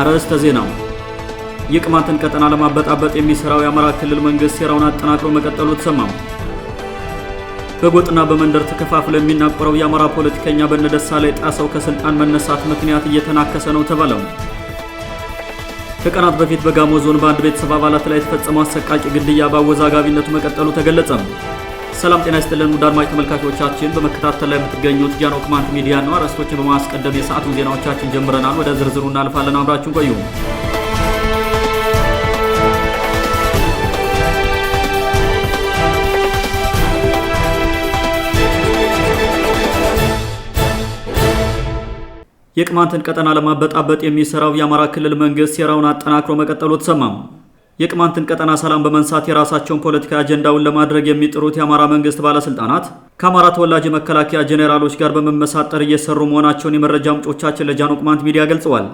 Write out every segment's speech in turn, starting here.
አርዕስተ ዜናው የቅማንትን ቀጠና ለማበጣበጥ የሚሰራው የአማራ ክልል መንግስት ሴራውን አጠናክሮ መቀጠሉ ተሰማም። በጎጥና በመንደር ተከፋፍሎ የሚናቆረው የአማራ ፖለቲከኛ ላይ ጣሰው ከስልጣን መነሳት ምክንያት እየተናከሰ ነው ተባለም። ከቀናት በፊት በጋሞ ዞን በአንድ ቤተሰብ አባላት ላይ የተፈጸመው አሰቃቂ ግድያ በአወዛጋቢነቱ መቀጠሉ ተገለጸም። ሰላም ጤና ይስጥልን ውድ አድማጭ ተመልካቾቻችን፣ በመከታተል ላይ የምትገኙት ጃኖ ቅማንት ሚዲያ ነው። አርዕስቶችን በማስቀደም የሰዓቱን ዜናዎቻችን ጀምረናል። ወደ ዝርዝሩ እናልፋለን። አብራችሁን ቆዩ። የቅማንትን ቀጠና ለማበጣበጥ የሚሰራው የአማራ ክልል መንግስት ሴራውን አጠናክሮ መቀጠሉ ተሰማም። የቅማንትን ቀጠና ሰላም በመንሳት የራሳቸውን ፖለቲካ አጀንዳውን ለማድረግ የሚጥሩት የአማራ መንግስት ባለስልጣናት ከአማራ ተወላጅ የመከላከያ ጄኔራሎች ጋር በመመሳጠር እየሰሩ መሆናቸውን የመረጃ ምንጮቻችን ለጃኖ ቅማንት ሚዲያ ገልጸዋል።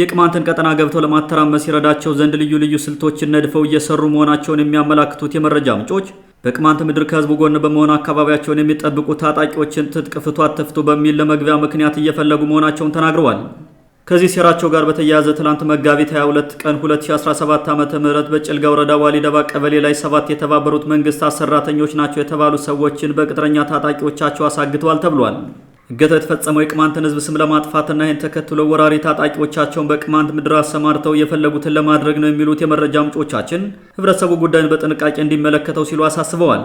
የቅማንትን ቀጠና ገብተው ለማተራመስ ይረዳቸው ዘንድ ልዩ ልዩ ስልቶችን ነድፈው እየሰሩ መሆናቸውን የሚያመላክቱት የመረጃ ምንጮች በቅማንት ምድር ከህዝቡ ጎን በመሆን አካባቢያቸውን የሚጠብቁ ታጣቂዎችን ትጥቅ ፍቱ አትፍቱ በሚል ለመግቢያ ምክንያት እየፈለጉ መሆናቸውን ተናግረዋል። ከዚህ ሴራቸው ጋር በተያያዘ ትላንት መጋቢት 22 ቀን 2017 ዓ ም በጭልጋ ወረዳ ዋሊደባ ቀበሌ ላይ ሰባት የተባበሩት መንግስታት ሰራተኞች ናቸው የተባሉ ሰዎችን በቅጥረኛ ታጣቂዎቻቸው አሳግተዋል ተብሏል። እገታ የተፈጸመው የቅማንትን ህዝብ ስም ለማጥፋትና ይህን ተከትሎ ወራሪ ታጣቂዎቻቸውን በቅማንት ምድር አሰማርተው የፈለጉትን ለማድረግ ነው የሚሉት የመረጃ ምንጮቻችን ህብረተሰቡ ጉዳይን በጥንቃቄ እንዲመለከተው ሲሉ አሳስበዋል።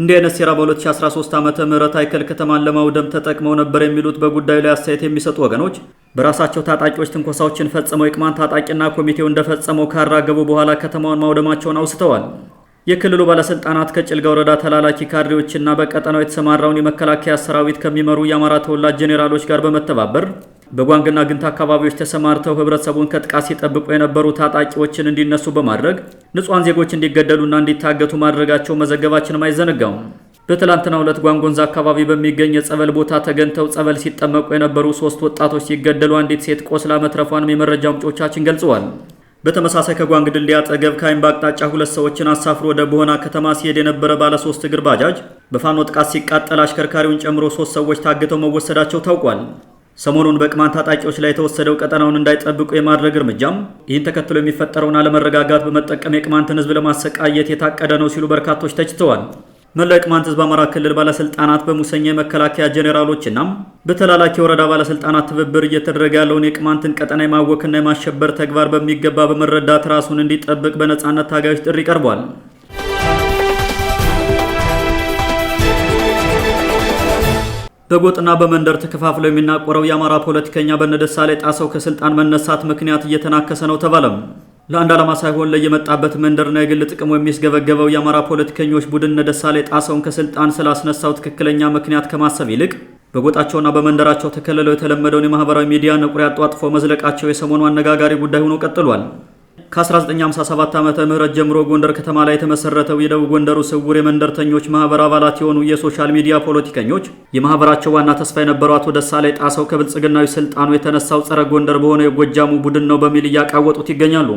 እንደ አይነት ሴራ በ2013 ዓ ም አይከል ከተማን ለማውደም ተጠቅመው ነበር የሚሉት በጉዳዩ ላይ አስተያየት የሚሰጡ ወገኖች በራሳቸው ታጣቂዎች ትንኮሳዎችን ፈጽመው የቅማንት ታጣቂና ኮሚቴው እንደፈጸመው ካራገቡ በኋላ ከተማውን ማውደማቸውን አውስተዋል። የክልሉ ባለስልጣናት ከጭልጋ ወረዳ ተላላኪ ካድሬዎችና በቀጠናው የተሰማራውን የመከላከያ ሰራዊት ከሚመሩ የአማራ ተወላጅ ጄኔራሎች ጋር በመተባበር በጓንግና ግንት አካባቢዎች ተሰማርተው ህብረተሰቡን ከጥቃት ሲጠብቁ የነበሩ ታጣቂዎችን እንዲነሱ በማድረግ ንጹሐን ዜጎች እንዲገደሉና እንዲታገቱ ማድረጋቸው መዘገባችንም አይዘነጋውም። በትላንትና ሁለት ጓንጎንዛ አካባቢ በሚገኝ የጸበል ቦታ ተገንተው ጸበል ሲጠመቁ የነበሩ ሶስት ወጣቶች ሲገደሉ አንዲት ሴት ቆስላ መትረፏንም የመረጃ ምንጮቻችን ገልጸዋል። በተመሳሳይ ከጓንግ ድልድይ አጠገብ ከአይምባ አቅጣጫ ሁለት ሰዎችን አሳፍሮ ወደ ቦሆና ከተማ ሲሄድ የነበረ ባለ ሶስት እግር ባጃጅ በፋኖ ጥቃት ሲቃጠል አሽከርካሪውን ጨምሮ ሶስት ሰዎች ታግተው መወሰዳቸው ታውቋል። ሰሞኑን በቅማንት ታጣቂዎች ላይ የተወሰደው ቀጠናውን እንዳይጠብቁ የማድረግ እርምጃም ይህን ተከትሎ የሚፈጠረውን አለመረጋጋት በመጠቀም የቅማንትን ሕዝብ ለማሰቃየት የታቀደ ነው ሲሉ በርካቶች ተችተዋል። መላ የቅማንት ሕዝብ አማራ ክልል ባለስልጣናት በሙሰኛ የመከላከያ ጄኔራሎችና በተላላኪ ወረዳ ባለስልጣናት ትብብር እየተደረገ ያለውን የቅማንትን ቀጠና የማወክና የማሸበር ተግባር በሚገባ በመረዳት ራሱን እንዲጠብቅ በነጻነት ታጋዮች ጥሪ ቀርቧል። በጎጥና በመንደር ተከፋፍለው የሚናቆረው የአማራ ፖለቲከኛ ላይ ጣሰው ከስልጣን መነሳት ምክንያት እየተናከሰ ነው ተባለም። ለአንድ ዓላማ ሳይሆን ለየመጣበት መንደርና የግል ጥቅሙ የሚስገበገበው የአማራ ፖለቲከኞች ቡድን ላይ ጣሰውን ከስልጣን ስላስነሳው ትክክለኛ ምክንያት ከማሰብ ይልቅ በጎጣቸውና በመንደራቸው ተከልለው የተለመደውን የማህበራዊ ሚዲያ ነቁሪ አጧጥፎ መዝለቃቸው የሰሞኑ አነጋጋሪ ጉዳይ ሆኖ ቀጥሏል። ከ1957 ዓ ም ጀምሮ ጎንደር ከተማ ላይ የተመሰረተው የደቡብ ጎንደሩ ስውር የመንደርተኞች ማህበር አባላት የሆኑ የሶሻል ሚዲያ ፖለቲከኞች የማህበራቸው ዋና ተስፋ የነበረው አቶ ደሳለኝ ጣሰው ከብልጽግናዊ ስልጣኑ የተነሳው ጸረ ጎንደር በሆነ የጎጃሙ ቡድን ነው በሚል እያቃወጡት ይገኛሉ።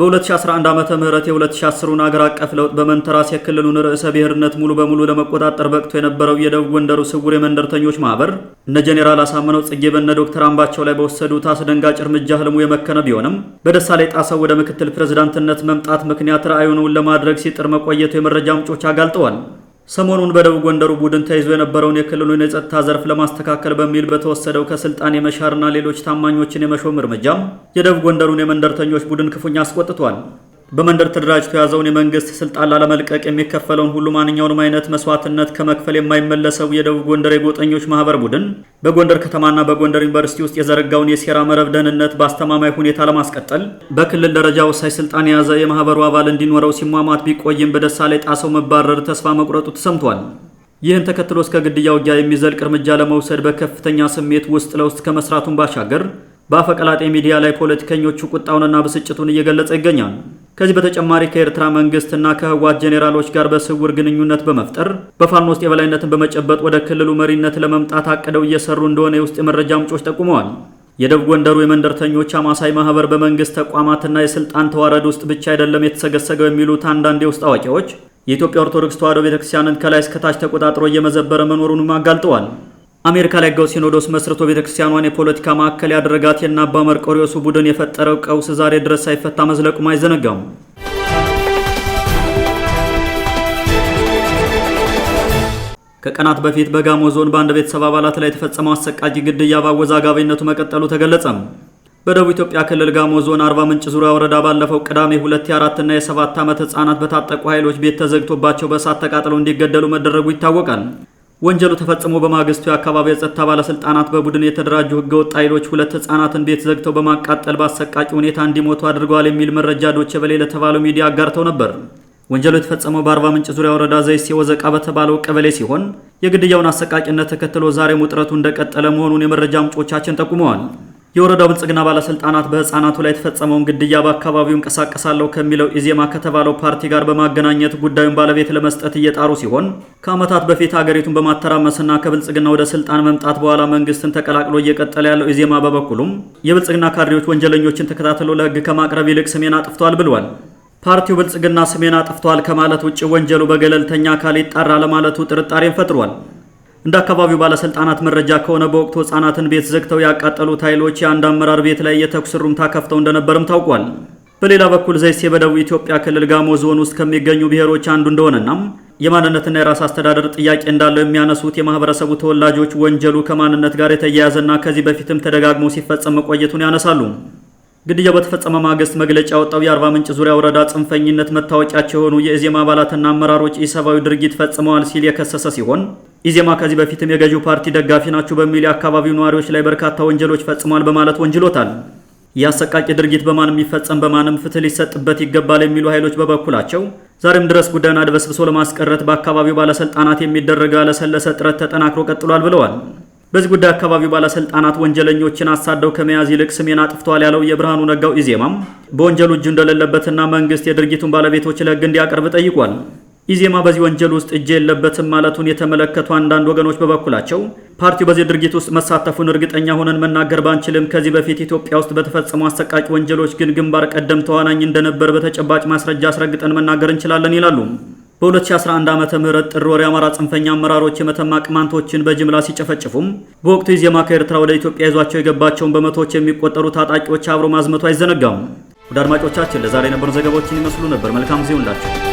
በ2011 ዓመተ ምህረት የ2010ን አገር አቀፍ ለውጥ በመንተራስ የክልሉን ርዕሰ ብሔርነት ሙሉ በሙሉ ለመቆጣጠር በቅቶ የነበረው የደቡብ ጎንደሩ ስውር የመንደርተኞች ማህበር እነ ጄኔራል አሳምነው ጽጌ በነ ዶክተር አምባቸው ላይ በወሰዱት አስደንጋጭ እርምጃ ህልሙ የመከነ ቢሆንም በደሳለኝ ጣሰው ወደ ምክትል ፕሬዝዳንትነት መምጣት ምክንያት ራዕዩን እውን ለማድረግ ሲጥር መቆየቱ የመረጃ ምንጮች አጋልጠዋል። ሰሞኑን በደቡብ ጎንደሩ ቡድን ተይዞ የነበረውን የክልሉን የጸጥታ ዘርፍ ለማስተካከል በሚል በተወሰደው ከስልጣን የመሻርና ሌሎች ታማኞችን የመሾም እርምጃም የደቡብ ጎንደሩን የመንደርተኞች ቡድን ክፉኛ አስቆጥቷል። በመንደር ተደራጅቶ የያዘውን የመንግስት ስልጣን ላለመልቀቅ የሚከፈለውን ሁሉ ማንኛውንም አይነት መስዋዕትነት ከመክፈል የማይመለሰው የደቡብ ጎንደር የጎጠኞች ማህበር ቡድን በጎንደር ከተማና በጎንደር ዩኒቨርሲቲ ውስጥ የዘረጋውን የሴራ መረብ ደህንነት በአስተማማኝ ሁኔታ ለማስቀጠል በክልል ደረጃ ወሳኝ ስልጣን የያዘ የማህበሩ አባል እንዲኖረው ሲሟሟት ቢቆይም ላይ ጣሰው መባረር ተስፋ መቁረጡ ተሰምቷል። ይህን ተከትሎ እስከ ግድያ ውጊያ የሚዘልቅ እርምጃ ለመውሰድ በከፍተኛ ስሜት ውስጥ ለውስጥ ከመስራቱን ባሻገር በአፈቀላጤ ሚዲያ ላይ ፖለቲከኞቹ ቁጣውንና ብስጭቱን እየገለጸ ይገኛል። ከዚህ በተጨማሪ ከኤርትራ መንግስትና ከህወሓት ጄኔራሎች ጋር በስውር ግንኙነት በመፍጠር በፋኖ ውስጥ የበላይነትን በመጨበጥ ወደ ክልሉ መሪነት ለመምጣት አቅደው እየሰሩ እንደሆነ የውስጥ የመረጃ ምንጮች ጠቁመዋል። የደቡብ ጎንደሩ የመንደርተኞች አማሳይ ማህበር በመንግስት ተቋማትና የስልጣን ተዋረድ ውስጥ ብቻ አይደለም የተሰገሰገው የሚሉት አንዳንድ የውስጥ አዋቂዎች የኢትዮጵያ ኦርቶዶክስ ተዋሕዶ ቤተክርስቲያንን ከላይ እስከታች ተቆጣጥሮ እየመዘበረ መኖሩንም አጋልጠዋል። አሜሪካ ላይ ጋው ሲኖዶስ መስርቶ ቤተክርስቲያኗን የፖለቲካ ማዕከል ያደረጋት የና አባ መርቆሪዎሱ ቡድን የፈጠረው ቀውስ ዛሬ ድረስ ሳይፈታ መዝለቁም አይዘነጋም። ከቀናት በፊት በጋሞ ዞን በአንድ ቤተሰብ አባላት ላይ የተፈጸመው አሰቃቂ ግድያ በአወዛጋቢነቱ መቀጠሉ ተገለጸም። በደቡብ ኢትዮጵያ ክልል ጋሞ ዞን አርባ ምንጭ ዙሪያ ወረዳ ባለፈው ቅዳሜ ሁለት የአራትና የሰባት ዓመት ህጻናት በታጠቁ ኃይሎች ቤት ተዘግቶባቸው በእሳት ተቃጥለው እንዲገደሉ መደረጉ ይታወቃል። ወንጀሉ ተፈጽሞ በማግስቱ የአካባቢው የጸጥታ ባለስልጣናት በቡድን የተደራጁ ህገወጥ ኃይሎች ሁለት ህጻናትን ቤት ዘግተው በማቃጠል በአሰቃቂ ሁኔታ እንዲሞቱ አድርገዋል የሚል መረጃ ዶቼ ቬለ ለተባለው ሚዲያ አጋርተው ነበር። ወንጀሉ የተፈጸመው በአርባ ምንጭ ዙሪያ ወረዳ ዘይሴ ወዘቃ በተባለው ቀበሌ ሲሆን የግድያውን አሰቃቂነት ተከትሎ ዛሬም ውጥረቱ እንደቀጠለ መሆኑን የመረጃ ምንጮቻችን ጠቁመዋል። የወረዳው ብልጽግና ባለስልጣናት በህፃናቱ ላይ የተፈጸመውን ግድያ በአካባቢው እንቀሳቀሳለሁ ከሚለው ኢዜማ ከተባለው ፓርቲ ጋር በማገናኘት ጉዳዩን ባለቤት ለመስጠት እየጣሩ ሲሆን ከዓመታት በፊት ሀገሪቱን በማተራመስና ከብልጽግና ወደ ስልጣን መምጣት በኋላ መንግስትን ተቀላቅሎ እየቀጠለ ያለው ኢዜማ በበኩሉም የብልጽግና ካድሬዎች ወንጀለኞችን ተከታትሎ ለህግ ከማቅረብ ይልቅ ስሜን አጥፍቷል ብሏል። ፓርቲው ብልጽግና ስሜን አጥፍቷል ከማለት ውጭ ወንጀሉ በገለልተኛ አካል ይጣራ ለማለቱ ጥርጣሬን ፈጥሯል። እንደ አካባቢው ባለስልጣናት መረጃ ከሆነ በወቅቱ ህጻናትን ቤት ዘግተው ያቃጠሉት ኃይሎች የአንድ አመራር ቤት ላይ የተኩስ ሩምታ ከፍተው እንደነበርም ታውቋል። በሌላ በኩል ዘይሴ በደቡብ ኢትዮጵያ ክልል ጋሞ ዞን ውስጥ ከሚገኙ ብሔሮች አንዱ እንደሆነና የማንነትና የራስ አስተዳደር ጥያቄ እንዳለው የሚያነሱት የማህበረሰቡ ተወላጆች ወንጀሉ ከማንነት ጋር የተያያዘና ከዚህ በፊትም ተደጋግሞ ሲፈጸም መቆየቱን ያነሳሉ። ግድያው በተፈጸመ ማግስት መግለጫ ያወጣው የአርባ ምንጭ ዙሪያ ወረዳ ጽንፈኝነት መታወቂያቸው የሆኑ የኢዜማ አባላትና አመራሮች ኢሰብአዊ ድርጊት ፈጽመዋል ሲል የከሰሰ ሲሆን ኢዜማ ከዚህ በፊትም የገዢው ፓርቲ ደጋፊ ናቸው በሚል የአካባቢው ነዋሪዎች ላይ በርካታ ወንጀሎች ፈጽሟል በማለት ወንጅሎታል። የአሰቃቂ ድርጊት በማንም ይፈጸም፣ በማንም ፍትህ ሊሰጥበት ይገባል የሚሉ ኃይሎች በበኩላቸው ዛሬም ድረስ ጉዳዩን አድበስብሶ ለማስቀረት በአካባቢው ባለስልጣናት የሚደረገው ያለሰለሰ ጥረት ተጠናክሮ ቀጥሏል ብለዋል። በዚህ ጉዳይ አካባቢው ባለስልጣናት ወንጀለኞችን አሳደው ከመያዝ ይልቅ ስሜን አጥፍተዋል ያለው የብርሃኑ ነጋው ኢዜማም በወንጀሉ እጁ እንደሌለበትና መንግስት የድርጊቱን ባለቤቶች ለህግ እንዲያቀርብ ጠይቋል። ኢዜማ በዚህ ወንጀል ውስጥ እጅ የለበትም ማለቱን የተመለከቱ አንዳንድ ወገኖች በበኩላቸው ፓርቲው በዚህ ድርጊት ውስጥ መሳተፉን እርግጠኛ ሆነን መናገር ባንችልም ከዚህ በፊት ኢትዮጵያ ውስጥ በተፈጸሙ አሰቃቂ ወንጀሎች ግን ግንባር ቀደም ተዋናኝ እንደነበር በተጨባጭ ማስረጃ አስረግጠን መናገር እንችላለን ይላሉ። በ2011 ዓ ም ጥር ወር የአማራ ጽንፈኛ አመራሮች የመተማ ቅማንቶችን በጅምላ ሲጨፈጭፉም በወቅቱ ኢዜማ ከኤርትራ ወደ ኢትዮጵያ ይዟቸው የገባቸውን በመቶዎች የሚቆጠሩ ታጣቂዎች አብሮ ማዝመቱ አይዘነጋም። ወደ አድማጮቻችን ለዛሬ የነበሩ ዘገባዎችን ይመስሉ ነበር። መልካም ጊዜ ሁንላችሁ።